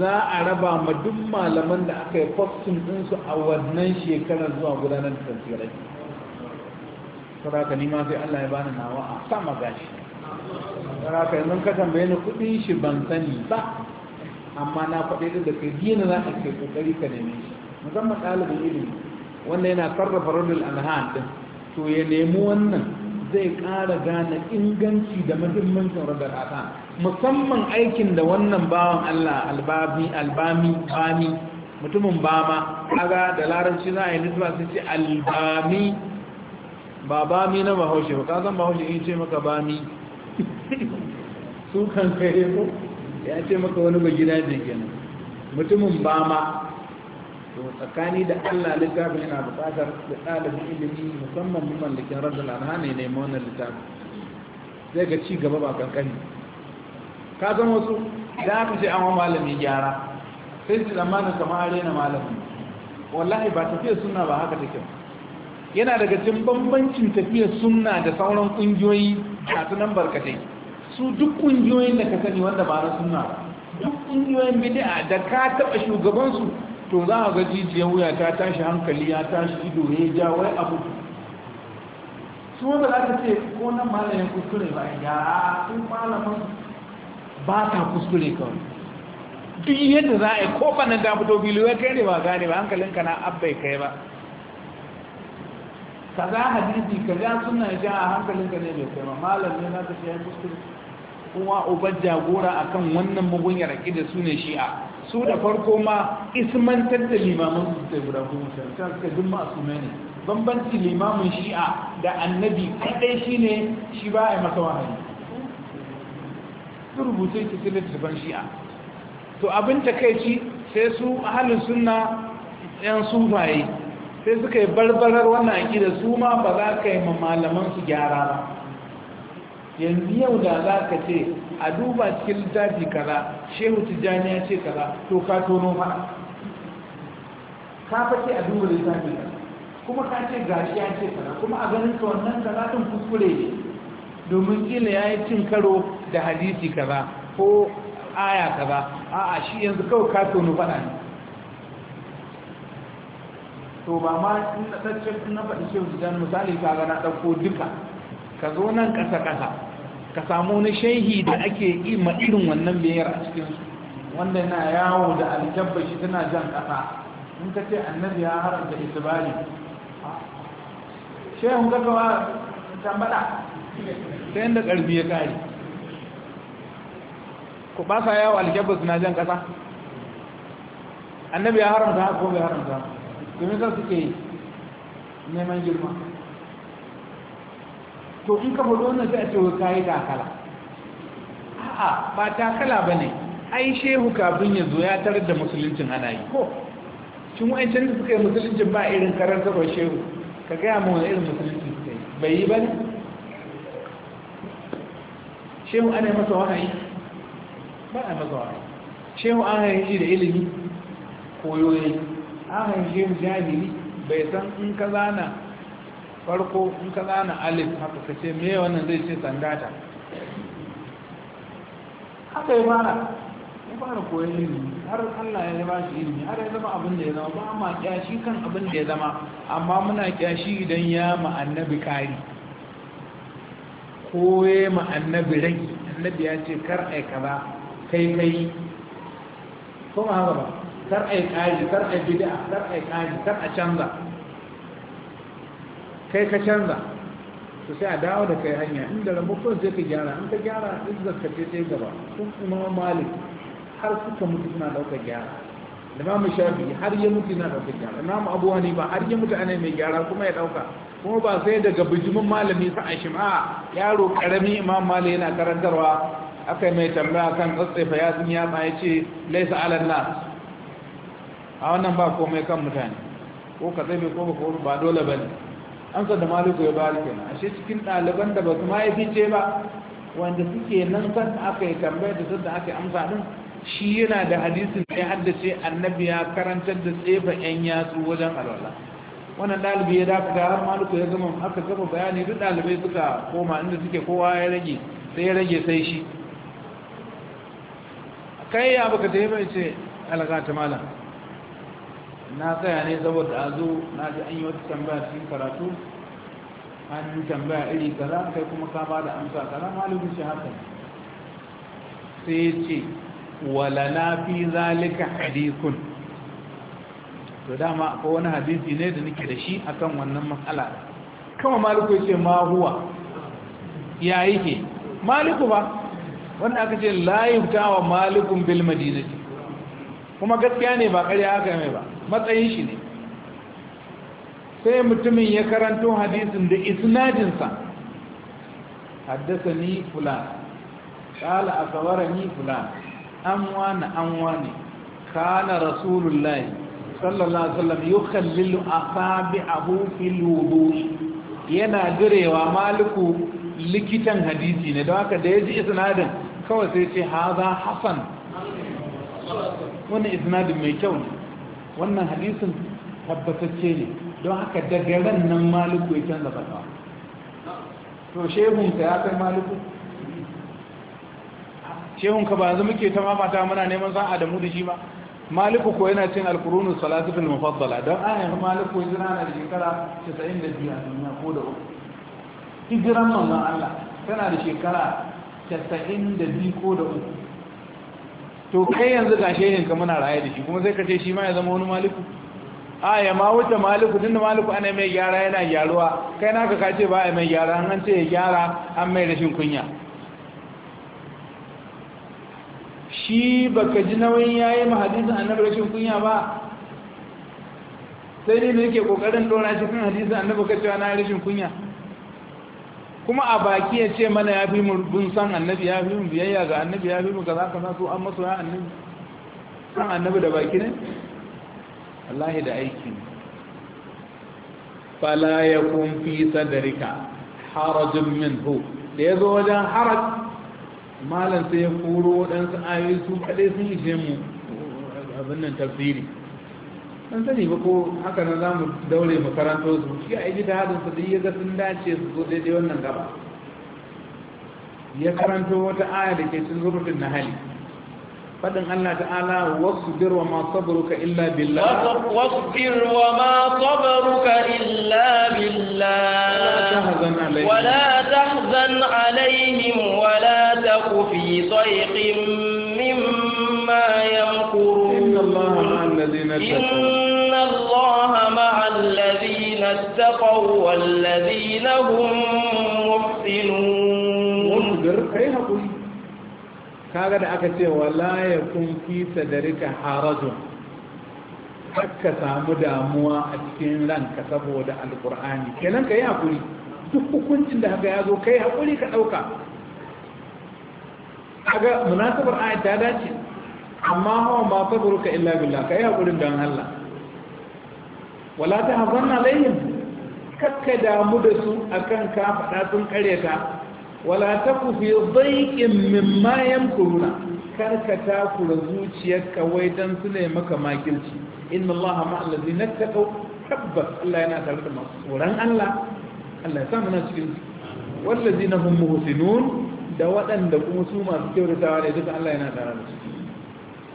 za a raba ma duk malaman da aka yi kwaftin ɗinsu a wannan shekarar zuwa gudanar da tafsirai saraka nima sai Allah ya bani nawa a sama gashi ka yanzu ka tambaye ni kuɗin shi ban sani ba amma na faɗi da kai dina za a kai kokari ka neme shi musamman ɗalibin ilimi wanda yana sarrafa rudul alhan din to ya nemi wannan zai ƙara gane inganci da muhimmancin rudul alhan musamman aikin da wannan bawan Allah albami albami bami mutumin bama kaga da larabci za a yi nisba sai ce albami ba bami na bahaushe ba kasan bahaushe in ce maka bami su kan kai ko ya ce maka wani ba gida ne kenan mutumin bama to tsakani da Allah littafin yana bukatar da ɗalibin ilimi musamman mallakin radar alhane ne ma wannan littafin sai ga ci gaba ba kankani ka san wasu da aka ce an wa malami gyara sai su zamanin kama a na malamin wallahi ba tafiyar suna ba haka take yana daga cin bambancin tafiyar suna da sauran kungiyoyi a sunan barkatai su duk kungiyoyin da ka sani wanda ba na suna duk kungiyoyin bid'a da ka taba shugabansu to za a ga jijiyar wuya ta tashi hankali ya tashi ido ya ja wai abu su wanda za ka ce ko nan malamin kuskure ba ya tun malamin ba ta kuskure kawai duk yadda za a yi kofanin banan ta fito kai ne ba gane ba hankalinka na abbai kai ba ka za hadisi ka ja suna ja a hankalinka ne bai kai ba malam ne na tafiya ya kuskure kuma uban jagora akan wannan mugunyar da su ne shi'a su da farko ma ismantar da Limamin su da guda goma sha ta suka duk masu ne bambanci limamin shi'a da annabi kaɗai ne shi ba a yi masa wahayi su rubutu su su littattafan shi'a to abin takaici sai su ahalin suna yan sufaye sai suka yi barbarar wannan da su ma ba za ka yi malaman su gyara ba yanzu yau da za ka ce a duba cikin littafi kaza shehu tijjani ya ce kaza to ka tono fa ka fashe a duba littafi kuma ka ce gashi ya ce kaza kuma a ganin ka wannan kaza tun kuskure ne domin kila ya yi cin karo da hadisi kaza ko aya kaza a a shi yanzu kawai ka tono faɗa ne to ba ma yi na tattace na faɗi shi yanzu misali ka ga na ɗauko duka ka zo nan ƙasa ƙasa ka samu wani shaihi da ake yi ma irin wannan biyar a cikinsu. wanda na yawo da aljabba shi tana jan ƙasa in ka ce annabi ya haramta isbali shehun gaggawa tambada sai yadda ƙarfi ya kare ku ba sa yawo alkebus na jan ƙasa annabi ya haramta haka ko bai haramta domin kan suke neman girma to in ka faɗo wannan sai a ce ka yi takala a'a ba takala ba ne ai shehu kafin ya zo ya tarar da musuluncin ana yi ko cin wa'ancan da suka yi musuluncin ba irin karantarwar shehu ka gaya mawa irin musuluncin suka yi bai yi ba ne shehu ana masa wahayi ba a masa wahayi shehu an shi da ilimi koyoyi an shehu jahili bai san in ka zana farko in ka zana alif haka ka ce me wannan zai ce sandata haka ya fara ya fara koyon ilimi har Allah ya ba shi ilimi har ya zama abin da ya zama ba ma kyashi kan abin da ya zama amma muna kyashi idan ya ma annabi kari koye ma annabi rai annabi ya ce kar ai kaza kai kai ko ma haka ba kar ai kaji kar ai bid'a kar ai kaji kar a canza kai ka canza to sai a dawo da kai hanya inda ramakon sai ka gyara an ka gyara duk zaka ce sai gaba sun kuma malik har suka mutu suna daukar gyara mu shafi har ya mutu na daukar gyara na imam abu ba har ya mutu ana mai gyara kuma ya dauka kuma ba sai daga bijimin malami sa a yaro karami imam mali yana karantarwa aka mai tambaya kan tsatsefa ya sun ya ce laisa alan nas a wannan ba komai kan mutane ko ka zai ko ba ba dole ba ne an sa da maliku ya bayar kenan ashe cikin ɗaliban da ba su ma ya fice ba wanda suke nan san aka yi tambayar da sadda aka yi amsa din shi yana da hadisin da ya haddace annabi ya karantar da tsefa yan yatsu wajen alwala wannan dalibi ya dafa ga har maluku ya gama aka gama bayani duk dalibai suka koma inda suke kowa ya rage sai ya rage sai shi kai ya baka ta yi mai ce alaka ta malam na tsaya ne saboda a zo na ji an yi wata tambaya cikin karatu an yi tambaya iri kaza kai kuma ka ba da amsa kaza malumin shi haka sai ya ce wala na fi zalika hadikun to dama akwai wani hadisi ne da nake da shi akan wannan matsala kama maliku ya ce ma huwa ya yake maliku ba wanda aka ce layu tawa malikun bil madinati kuma gaskiya ne ba karya haka mai ba matsayin shi ne sai mutumin ya karanto hadisin da isnadinsa haddasa ni fulan قال أخبرني فلان أموان أمواني كان Kana rasulullahi. sallallahu alaihi wasallam yukhallilu asabi'ahu fil wudu yana girewa maliku likitan hadisi ne don haka da yaji ji isnadin kawai sai ce haza hasan wannan isnadin mai kyau ne wannan hadisin tabbatacce ne don haka daga ran nan maliku ya canza fatawa to ka ya kai maliku ka ba zama ke ta mamata muna neman sa'a da mu da shi ba maliku ko yana cin alkurunu salatifin mufaddala don ayyar maliku hijira na shekara 92 a duniya ko da uku hijiran manzon Allah tana da shekara 92 ko da uku to kai yanzu ga shehin ka muna raye da shi kuma sai ka ce shi ma ya zama wani maliku a ya ma wuce maliku tunda maliku ana mai gyara yana gyaruwa kai naka ka ce ba a mai gyara an ce ya gyara an mai rashin kunya shi baka ji nauyin yayi ma hadisin annabi rashin kunya ba sai ne yake kokarin dora shi kan hadisin annabi ka cewa na rashin kunya kuma a baki ya ce mana ya fi mun san annabi ya fi mun biyayya ga annabi ya fi mun kaza kaza so an masoya annabi san annabi da baki ne wallahi da aiki ne fala yakun fi sadrika harajun minhu da yazo wajen haraj malam sai ya koro waɗansu ayoyi su kaɗai sun ishe mu abin nan tafsiri an sani ba ko haka nan za mu daure mu karanto su shi a yi da hadin su ya ga sun dace su zo daidai wannan gaba ya karanto wata aya da ke cin zurfin na hali Faɗin Allah Ta'ala واصبر وما صبرك إلا بالله واصبر وما صبرك إلا بالله ولا تحزن عليهم ولا تحزن عليهم أك في ضيق مما يمكرون إن الله مع الذين اتقوا إن الله مع الذين اتقوا والذين هم محسنون kaga da aka ce wala ya kun fi sadarika harajun ka samu damuwa a cikin ranka saboda alkur'ani kenan ka yi hakuri duk hukuncin da haka ya zo ka yi hakuri ka ɗauka kaga munasabar ayat ta dace amma hawa ma sabruka illa billah kai hakurin dan Allah wala ta hazanna alaihim kakka damu da su akan ka faɗa sun kareta wala taku fi dhaiqin mimma yamkuruna karka takura zuciyarka wai dan su ne maka makilci inna allaha ma'al ladina taqaw tabbas Allah yana tare da masu tsoron Allah Allah ya sa muna cikin wallazina hum muhsinun da waɗanda kuma su masu kyautatawa ne duka Allah yana tare da su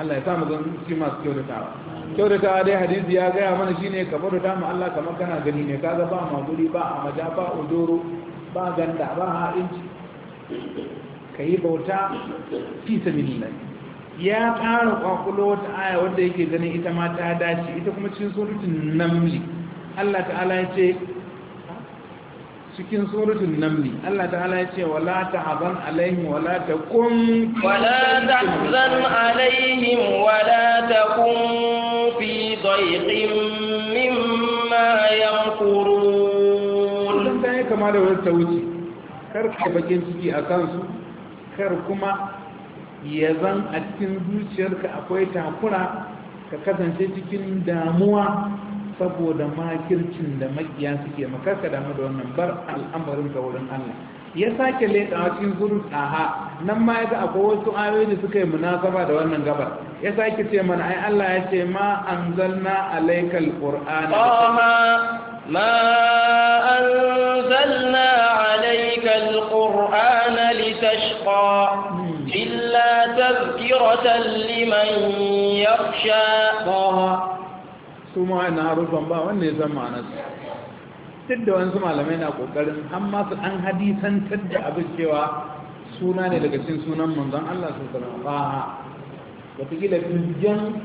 Allah ya samu zan su masu kyautatawa kyautatawa dai hadisi ya gaya mana shine ka bauta ma Allah kamar kana gani ne kaga ba maguri ba a maja ba odoro ba ganda ba ha'inci ka yi bauta fi sabilillah ya ƙara kwakulo wata aya wanda yake ganin ita ma ta dace ita kuma cikin surutun namli Allah ta'ala ya ce cikin suratul namli Allah ta'ala ya ce wala ta'zan alaihim wala takum wala ta'zan alaihim wala takum fi dayqin mimma yamkurun dan kai kama da wata wuce kar ka bakin ciki a kansu kar kuma ya zan a cikin zuciyarka akwai takura ka kasance cikin damuwa saboda makircin da makiya suke makarka damu da wannan bar al'amarin ka wurin Allah ya sake leƙa cikin gudun aha nan ma ya ga akwai wasu ayoyi da suka yi munasaba da wannan gabar ya sake ce mana ai Allah ya ce ma anzalna alaikal qur'ana ma ma anzalna alaikal qur'ana litashqa hmm. illa tadhkiratan liman yakhsha su ma wani harufan ba wanda ya san su duk da wasu malamai na kokarin an masu an hadisantar da abin cewa suna ne daga cikin sunan manzon Allah su sanar ba wataƙila fijiyan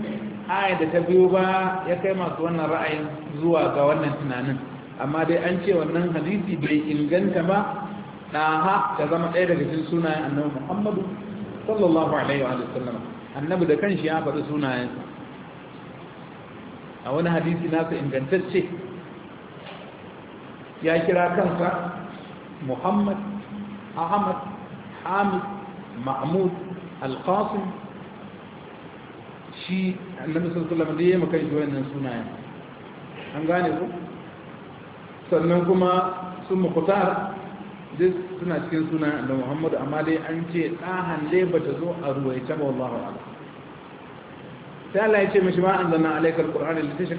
aya da ta biyo ba ya kai masu wannan ra'ayin zuwa ga wannan tunanin amma dai an ce wannan hadisi bai inganta ba ha ta zama ɗaya daga cin sunayen annabi muhammadu sallallahu alaihi wa sallam annabi da kanshi ya faɗi sunayensa a wani hadisi nasa ingantacce ya kira kansa muhammad ahmad hamid mahmud alqasim shi annabi sallallahu alaihi wasallam da ya wannan sunayen an gane ku sannan kuma su mukhtar duk suna cikin sunan annabi muhammad amma dai an ce dahan dai bata zo a ruwaye ya wallahi alaihi sai Allah ya ce mishi ma anzalna da ta shiga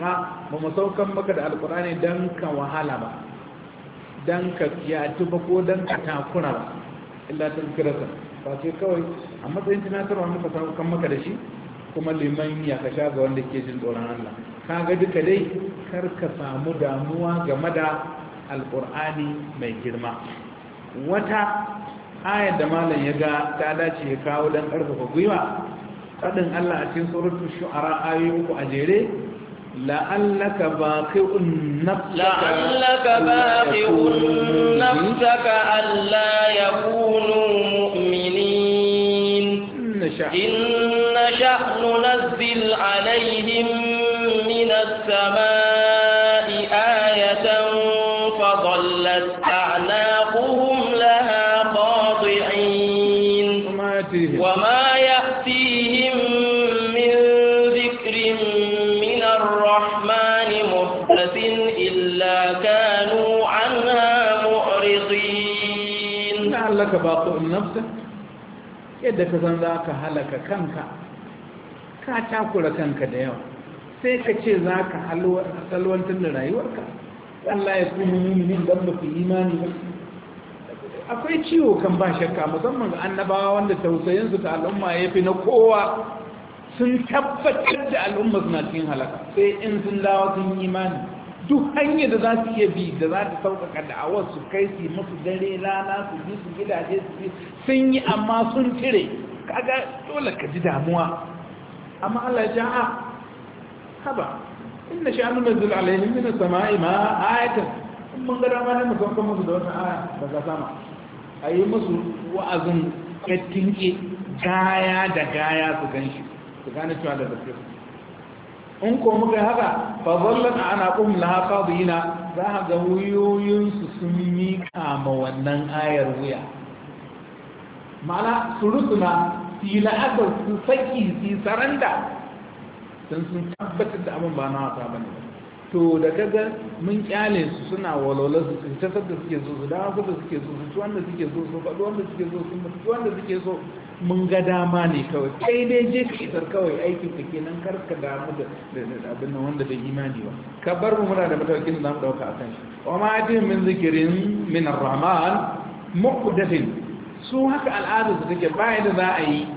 ba mu saukan maka da alqur'ani dan ka wahala ba dan ka ya tuba ko dan ka takura ba illa kirasa ba sai kawai a matsayin tunatarwa muka saukan maka da shi kuma liman ya kasha ga wanda ke jin tsoron Allah Ka ga duka dai kar ka samu damuwa game da alqur'ani mai girma wata ayar da malam ya ga ta dace ya kawo dan karfafa gwiwa fadin Allah a cikin suratu shu'ara ayoyin ku a jere la'allaka baqi'un nafsaka la'allaka baqi'un nafsaka alla yakunu mu'minin inna sha'nu nazzil 'alayhim min as-samaa nafsa yadda ka san za ka halaka kanka ka takura kanka da yawa sai ka ce za ka halwantar da rayuwarka Allah ya kuma muminin don ba ku imani ba akwai ciwo kan ba shakka musamman ga annabawa wanda tausayinsu ga al'umma ya fi na kowa sun tabbatar da al'umma suna cikin halaka sai in sun dawo sun imani duk hanyar da za su iya bi da za ta sauƙaƙa awar su kai su masu dare rana su bi su gidaje su bi sun yi amma sun cire kaga dole ka ji damuwa amma Allah ya ja'a haba inna sha'anu nazil alaihim min as-sama'i ma in mun ga dama ne mu sauka musu da wata aya daga sama ayi musu wa'azin kattinke gaya da gaya su ganshi su gane cewa da gaskiya in ko muka haka fa zallan ana kum laha qadina za ga wuyoyin su sun mika ma wannan ayar wuya ma'ana surutuna fila aka su saki su saranda sun sun tabbatar da abin ba na wasa ba ne to da kaga mun kyale su suna walwala su cutar da suke so su dawo da suke so su ci wanda suke so su faɗi wanda suke so su mutu wanda suke so mun ga dama ne kawai kai dai je ka kawai aikin ka kenan kar ka damu da abin nan wanda bai imani ba ka bar mu muna da matawakin da zamu dauka akan shi wa ma ajin min zikirin min ar-rahman muqaddasin su haka al'ada su take bayan da za a yi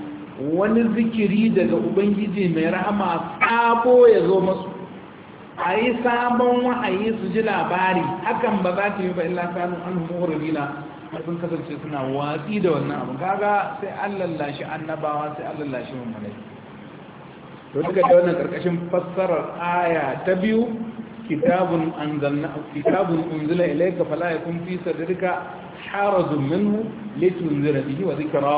wani zikiri daga ubangiji mai rahama sabo ya zo masu a yi sabon wa'ayi su ji labari hakan ba za ta yi ba illa kanu an Karfin kasance suna watsi da wannan abu kaga sai an lallashi annabawa sai an lallashi mummunai to duka da wannan karkashin fassarar aya ta biyu kitabun anzalna kitabun unzila ilayka fala yakun fi sadrika harazun minhu litunzira bihi wa dhikra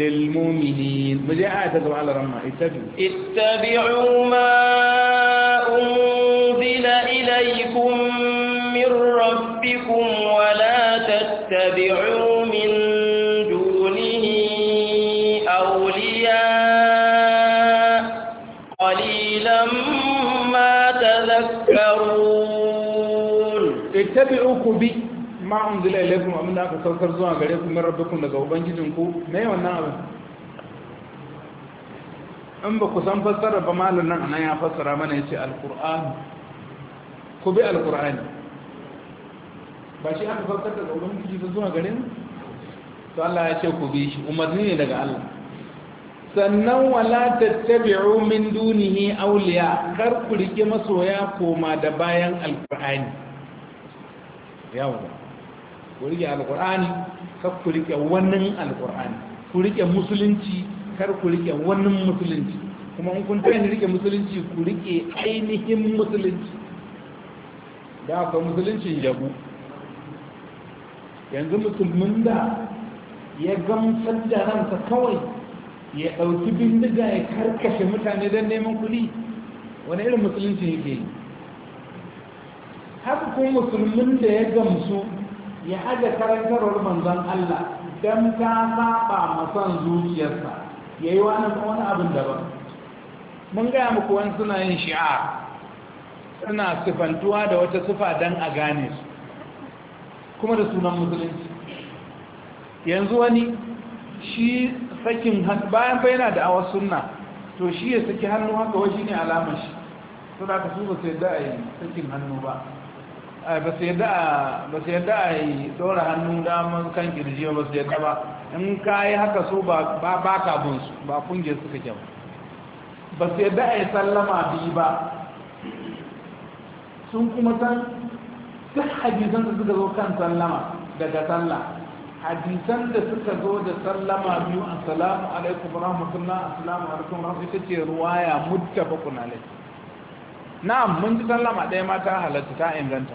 lil mu'minin muje aya ta gaba Allah ramma ittabi'u ittabi'u ma ittabi'u ku bi ma unzila ilaykum amma da aka saukar zuwa gare ku min rabbikum daga ubangijin ku me wannan abin in ba ku san fassara ba malam nan anan ya fassara mana yace alqur'an ku bi alqur'an ba shi aka fassara daga ubangiji ba zuwa gare mu to Allah ya ce ku bi shi umarni ne daga Allah sannan wala tattabi'u min dunihi awliya kar ku rike masoya koma da bayan alqur'ani yawon ku rike alkur'ani kar ku rike wannan alkur'ani ku rike musulunci kar ku rike wannan musulunci kuma in kun ta tayar rike musulunci ku rike ainihin musulunci da akwai musuluncin jabu yanzu musulmin da ya gamsar da ransa kawai ya ɗauki bindiga ya karkashe mutane don neman kuɗi wani irin musulunci yake yi haka kuma musulmin da ya gamsu ya haɗa karantarwar manzon Allah don ta saba masan zuciyarsa ya yi wani abin daban mun gaya muku wani suna yin shi'a suna sifantuwa da wata sifa don a gane su kuma da sunan musulunci yanzu wani shi sakin bayan bayyana da awa sunna to shi ya saki hannu haka wajen ne alamar shi suna ka su ba sai da a yi sakin hannu ba ba su yadda a yi tsora hannu damar kan kirji ba su yadda ba in ka yi haka su ba su ba kungiyar suka kyau ba su yadda a yi sallama biyu ba sun kuma san duk hadisan da suka zo kan sallama daga sallah hadisan da suka zo da sallama biyu salamu alaikum rahmatullah salamu alaikum rahmatullah ita ce ruwaya muttafaqun alaihi na mun ji sallama ɗaya ma ta halatta ta inganta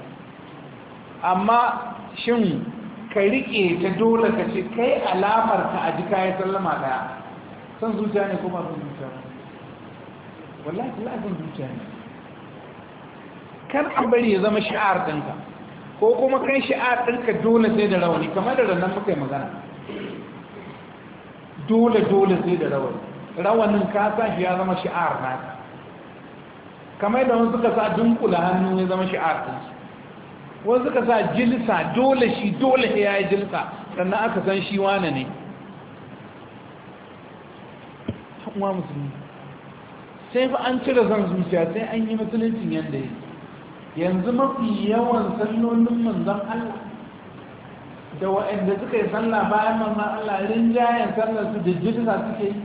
amma shin ka riƙe ta dole ka ce kai alamar ka a jika ya sallama ɗaya san zuciya ne kuma sun zuciya ne wallahi kula zuciya ne Kan an bari ya zama sha'ar ɗinka ko kuma kan sha'ar ɗinka dole sai da rawani kamar da rannan muka yi magana dole dole sai da rawani rawanin ka sa shi ya zama sha'ar naka kamar da wani suka sa dunkula hannu ya zama sha'ar ɗinsu wani suka sa jilsa dole shi dole ya yi jilsa sannan aka san shi wane ne uwa musulmi sai fa an cire zan zuciya sai an yi musuluncin yadda ya yanzu mafi yawan sallonin manzan Allah da waɗanda suka yi sallah bayan manzan Allah rinjayen sallar su da jilsa suke yi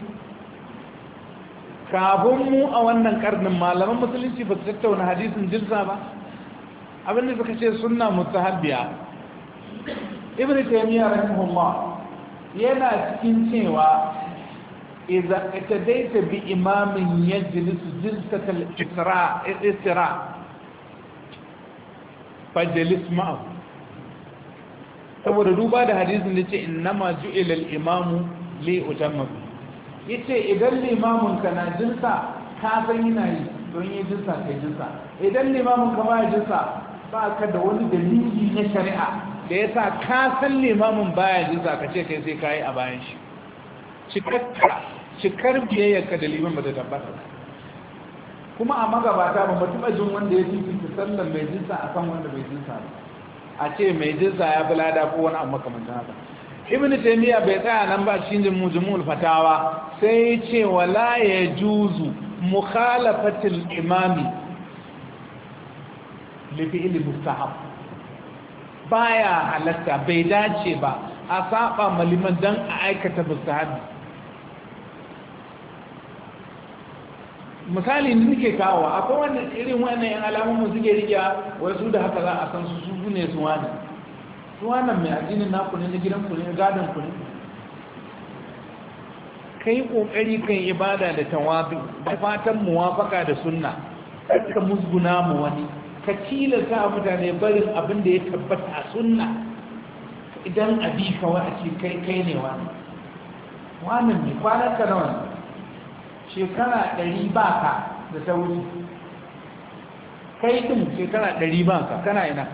kafin mu a wannan karnin malaman musulunci ba su tattauna hadisin jilsa ba abinda suka ce suna mutahabbiya ibn taymiya rahimahullah yana cikin cewa idza itadaita bi imamin yajlis jilsatal isra istira jalis ma'a saboda duba da hadisin da ce innama ju'ila al-imamu li utamma yace idan limamun ka na jinsa ka san yana yi don yi jinsa kai jinsa idan limamun ka ba jinsa ba ka da wani dalili na shari'a da ya sa ka san limamin baya jinsa ka ce kai sai ka yi a bayan shi cikar biyayyarka da liman ba ta tabbata kuma a magabata ba mutum jin wanda ya fifita sallar mai jinsa a kan wanda mai jinsa ba a ce mai jinsa ya fi lada ko wani abu da haka ibn taymiya bai tsaya nan ba cikin mujmul fatawa sai ya ce wala ya juzu mukhalafatul imami lifi'il mustahab baya halatta bai dace ba a saba maliman dan a aikata mustahabi misali ne nake kawo akwai wannan irin wannan yan alamomin suke rike wai su da haka za a san su su ne su wani su wannan mai addinin naku ne na gidan ku ne gadon ku ne kai kokari kan ibada da tawabi da fatan muwafaka da sunna ka musguna mu wani ka tilasta a mutane barin abin da ya tabbata a sunna idan a bi kawai a ce kai kai ne wani wani mai kwanar ka nawa shekara ɗari ba ka da sauri kai ɗin shekara ɗari ba ka kana ina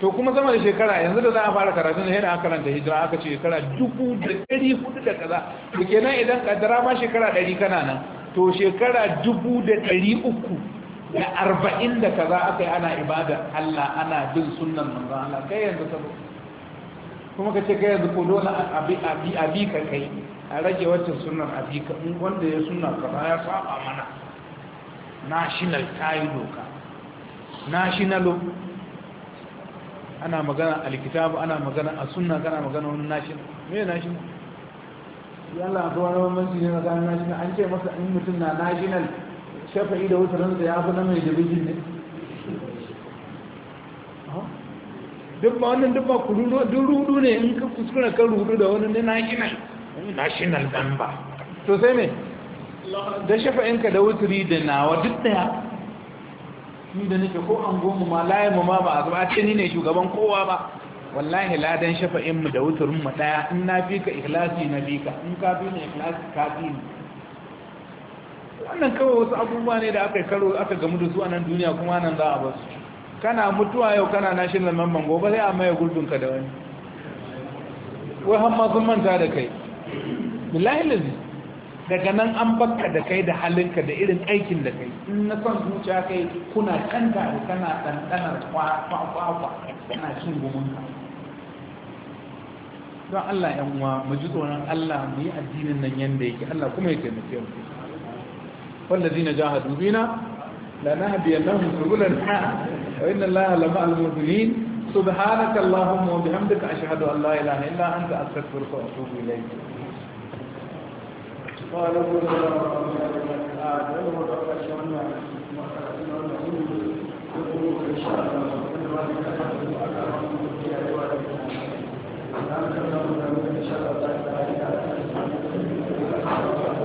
to kuma sama da shekara yanzu da za a fara karatun da yana karanta hijira aka ce shekara dubu da ɗari hudu da kaza da kenan idan ƙaddara ma shekara ɗari kana nan to shekara dubu da ɗari uku da arba'in da kaza aka yi ana ibada Allah ana bin sunan manzon Allah kai yanzu ka kuma ka ce kai yanzu ko dole a bi ka kai a rage wancan sunan a bi ka in wanda ya suna kaza ya saba mana national yi doka national ana magana a alkitabu ana magana a sunna kana magana wani national me national zuwa na wani bambanci ne tsakanin national an ce masa in mutum na national shafa'i da wutarinsa ya fi na mai dubijin ne duk ba wannan duk ba rudu ne in ka kuskura kan rudu da wani ne na gina national dan ba to sai ne da shafa'inka da wuturi da nawa duk daya ni da nake ko an goma ma layin mu ma ba a zuba ce ni ne shugaban kowa ba wallahi ladan shafa'in mu da wuturin mu daya in na fi ka ikhlasi na fi ka in ka fi ni ikhlasi ka fi ni wannan kawai wasu abubuwa ne da aka karo aka gamu da su a nan duniya kuma nan za a basu kana mutuwa yau kana national member gobe sai a maye gurbinka da wani wai hamma sun manta da kai billahi lazi daga nan an bakka da kai da halinka da irin aikin da kai in na son zuciya kai kuna kanta da kana ɗanɗanar kwakwakwa kana cin gumanka don Allah ‘yan uwa mu ji tsoron Allah mu yi addinin nan yadda yake Allah kuma ya taimake mu والذين جاهدوا بنا لنهدينهم سبلنا وإن الله لمع المؤمنين سبحانك اللهم وبحمدك أشهد أن لا إله إلا أنت أستغفرك وأتوب إليك قال ابو ذر رضي الله عنه وقد شرنا ان شاء الله ان شاء الله